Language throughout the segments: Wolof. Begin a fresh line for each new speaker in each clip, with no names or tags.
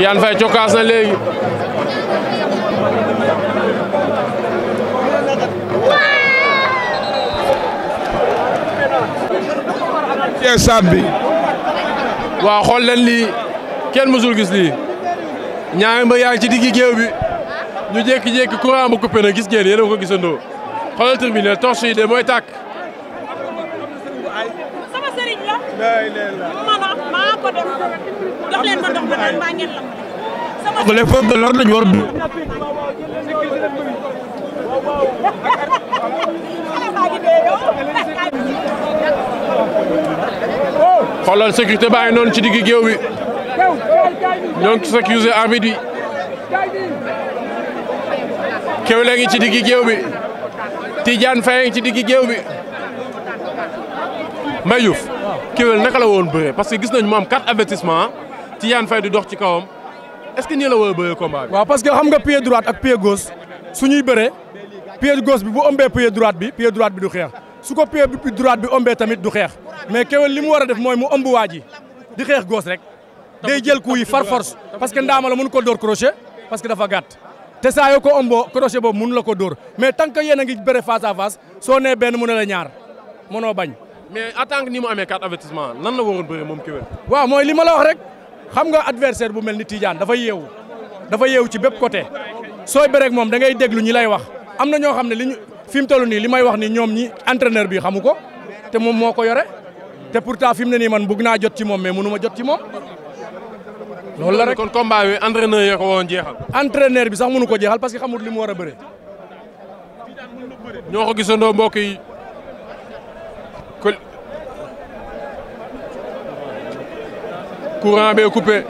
Tidiane Faye cokkaas na léegi ci stade bi waaw xool leen lii kenn mësul gis lii ñaari mbër yaa ngi ci diggi géew bi ñu jékki-jékki courant bu coupé na gis ngeen yéen a ko gisandoo xoolal tribune torche yi de mooy tàkk
jox leen ma ndox ma naan mbaa ngeen
lam les forces de l'ordre lañu war xoolal sécurité baa ngi noonu ci digg géew bi ñoo ngi sécuriser arbitre bi Kéwoulo ngi ci digg géew bi Tidiane Faye ngi ci digg géew bi Mbaye Diouf Kéwoulo naka la woon bëree parce que gis nañu mu am quatre avertissement Tidiane Faye di dox ci kawam est-ce que nii la war a bëree combat bi. waaw parce que xam nga pied droite ak pied gauche suñuy bëree pied gauche bi bu ëmbee pied droite bi pied droite bi du xeex su ko pied bi droite bi ëmbee tamit du xeex mais Keweul li mu war a def mooy mu ëmb waa ji di xeex gauche rek day jël coup yi far force parce que ndaama la mënu ko door crochet parce que dafa gàtt. te saa yoo ko ëmboo crochet boobu mënu la ko door mais tant que yéen a ngi bëre face à face soo benn mu ne la ñaar mënoo bañ. mais en tant ni mu amee carte lan la waroon bëree moom Keweul. mooy li ma la wax rek. xam nga adversaire bu mel ni tiijaan dafa yeewu dafa yeewu ci bépp côté soo bëreeg moom da ngay déglu ñi lay wax am na ñoo xam ne li ñu fi mu toll nii li may wax ni ñoom ñi entraîneur bi xamu ko te moom moo ko yore te pourtant fi mu ne nii man bëgg naa jot ci moom mais mënu ma jot ci moom. loolu la rek kon combat bi entraîneur yi ko waroon jeexal. entraîneur bi sax mënu ko jeexal parce que xamul li mu war a bëre. ñoo ko gisandoo mbokk yi. courant bee coupé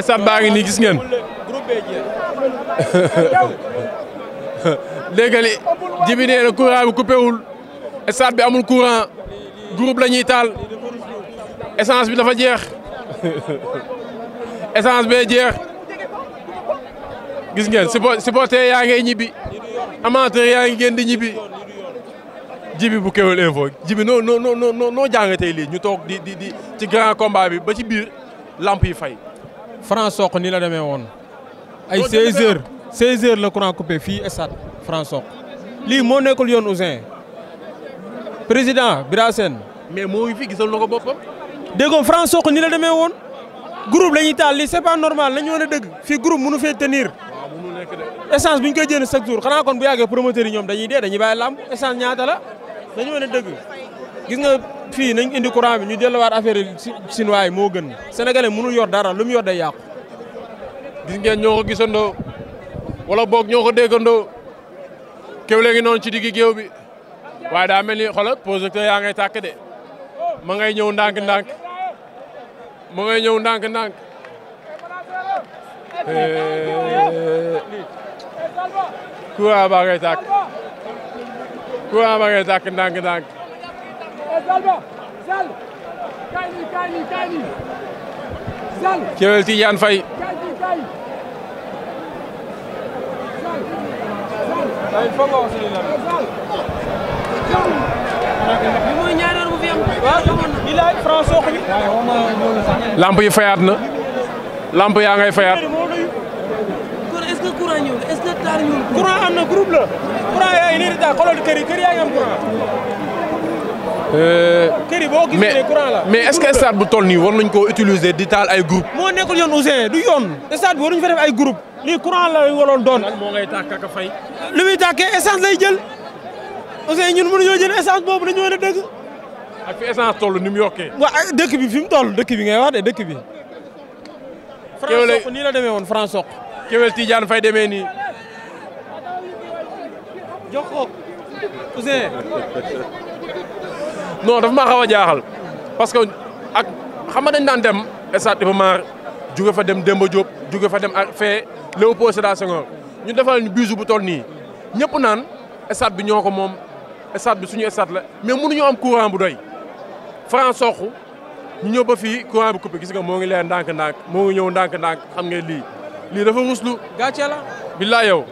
stade baa ngi ni gis ngeen léegi li jibi nee na courant bi coupé wul stade bi amul courant groupe la ñuy taal essence bi dafa jeex essence bee jeex gis ngeen supporter yaa ngay ñibbi amateur yaa ngi génn di ñibbi. jibi bu Kewel Info jibi noo noo noo noo noo jàngatee lii ñu toog di di ci grand combat bi ba ci biir lamp yi fay. Franc sooko nii la demee woon.
ay 16h
16h la courant coupé fii stade Franc Sokh. lii moo nekkul yoon Ousin président Bira Sène mais moo ngi gisal na ko boppam. déggoo Franc Sokh la demee woon. groupe la taal lii c'est pas normal nañu war a dëgg fii groupe mënu fee tenir. essence bi ñu koy jënd chaque jour xanaa kon bu yàggee promoteurs ñoom dañuy dee dañuy bàyyi lamb essence dañu mën a dëgg gis nga fii nañ indi courant bi ñu delluwaat affaire yi chinois yi moo gën sénégalais mënul yor dara lu mu day yàqu. gis ngeen ñoo ko gisandoo wala boog ñoo ko déggandoo kéw léegi noonu ci diggi géew bi waa daa mel ni xoolal projecteur yaa ngay tàkk ma ngay ñëw ndànk-ndànk ma ngay ñëw ndànk-ndànk.
courant baa ngay courant
ba ngay tàkk ndànk eh, ndànk. Kewel Tidiane Faye. lamp yi fayaat na lamp yaa ngay fayaat. que la courant yaa ngi nii di taal xoolal kër yi kër yaa ngi am courant. Euh, kër yi boo gisee courant la mais est ce que bu toll nii war nañ koo utiliser di taal ay groupe moo nekkul yoon Ousseyn du yoon stade bi waruñu fa def ay groupe lii courant la waroon doon. moo ngay tàkk ak a fay. li muy tàkkee essence lay jël Ousseyn ñun mënuñoo jël essence boobu dañu war a dëgg. fi essence toll ni mu yokkee. waaw bi fi mu tol dëkk bi ngay wax de dëkk bi. France soq nii la demee woon France Kewel Tidiane Faye demee nii. jox ko Ousseyn. xaw a jaaxal parce que ak xam nga dañ daan dem stade Iba Mar fa dem Demba Diop jóge fa dem ak fee Léopold Sédar Senghor ñu defal ni bisu bu nii ñëpp naan stade bi ñoo ko moom stade bi suñu stade la mais mënuñu am courant bu doy franc soxu ñu ñëw ba fii courant bi coupé gis nga moo ngi leer ndànk-ndànk moo ngi ñëw ndànk-ndànk xam nga lii. lii dafa muslu. gàcce la. bilaa yow.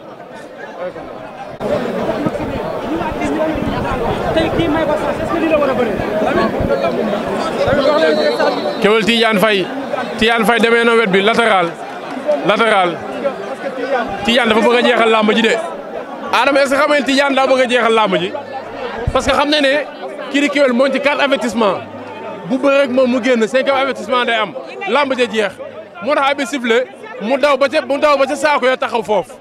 Keweul Tidiane Faye Tidiane Faye demee na wet bi latéral latéral Tidiane dafa bëgg jeexal làmb de Adama est-ce que xam ngeen Tidiane daa parce que xam na ne kii di Keweul moo ci bu bëre rek moom mu génn cinquième avertissement day am làmb ja jeex moo tax abi sifflé mu daw ba ca mu daw ba ca saako ya taxaw foofu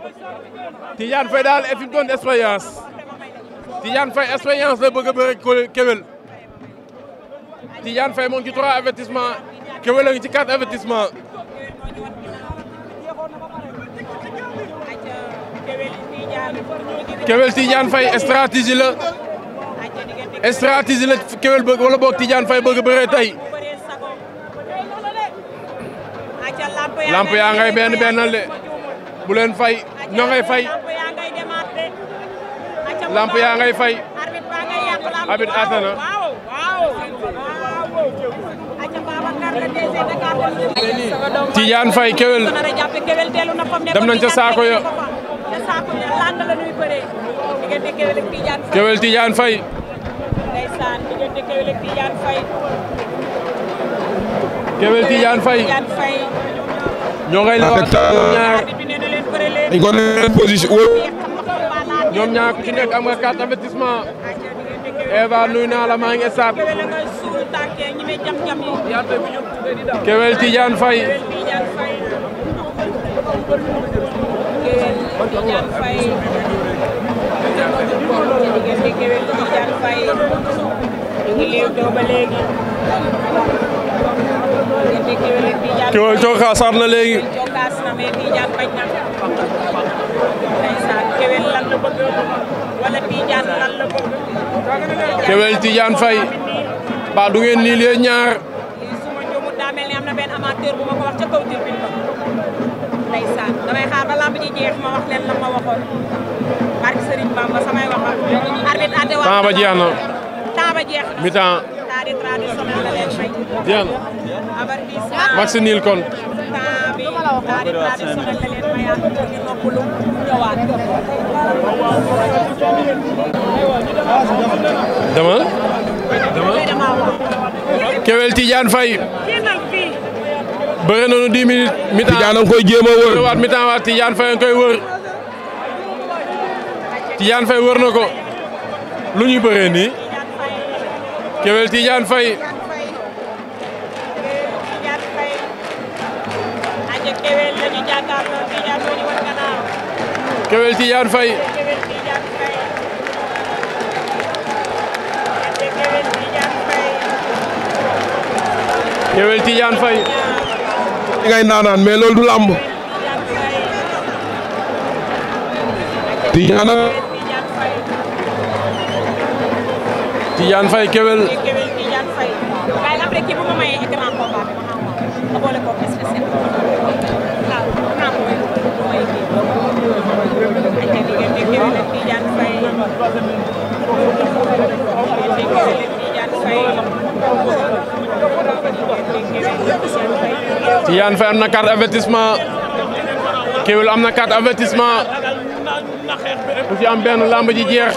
Tidiane Faye daal fi mu doon expérience Tidiane Faye la bëgg a bëri Kewel Tidiane Faye ci 3 avertissement Kewel a ngi ci 4 avertissement Kewel Tidiane Faye stratégie la stratégie la Kewel bëgg wala boog Tidiane Faye bëgg a lamp yaa ngay benn bennal de bu leen fay ñoo fay lamp yaa ngay fay abit atana
Tidiane Faye kewel dem nañ ca saako ya kewel
Tidiane Faye ñoo ngay leewaat ñoom ñaar. ñoom ñaar ku ci nekk am nga carte avertissement. Eva naa la maa ngi stade. Kewel Tidiane Faye.
Kewel Tidiane Faye. Keweul
cookaas saat na léegi. Keweul Tidiane Faye ba du ngeen lii lee ñaar.
ndeysaan damay xaar ba lamb ji jeex ma wax leen la ma waxoon barke Serigne Bamba samay waxal arbitre àtte waat temps ba jeex na temps ba jeex na mi-temps yi traditionnel la leen may.
bien. vaccinil kon. temps bi mi-temps Tidiane a ngi koy jéem wër. ñëwaat mi wër. na ko. lu ñuy bëree nii. Kewel Tidiane Faye Kewel Tidiane Faye Kewel Tidiane Faye ngay naanaan mais loolu du làmb Tidiane Tidiane Faye Kewel. Tidiane
Faye waaye après kii bu ma grand combat bi
ma am na carte avertissement Kewel am na carte avertissement ku ci am benn lamb ji jeex.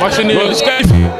match nul loolu disqualifié.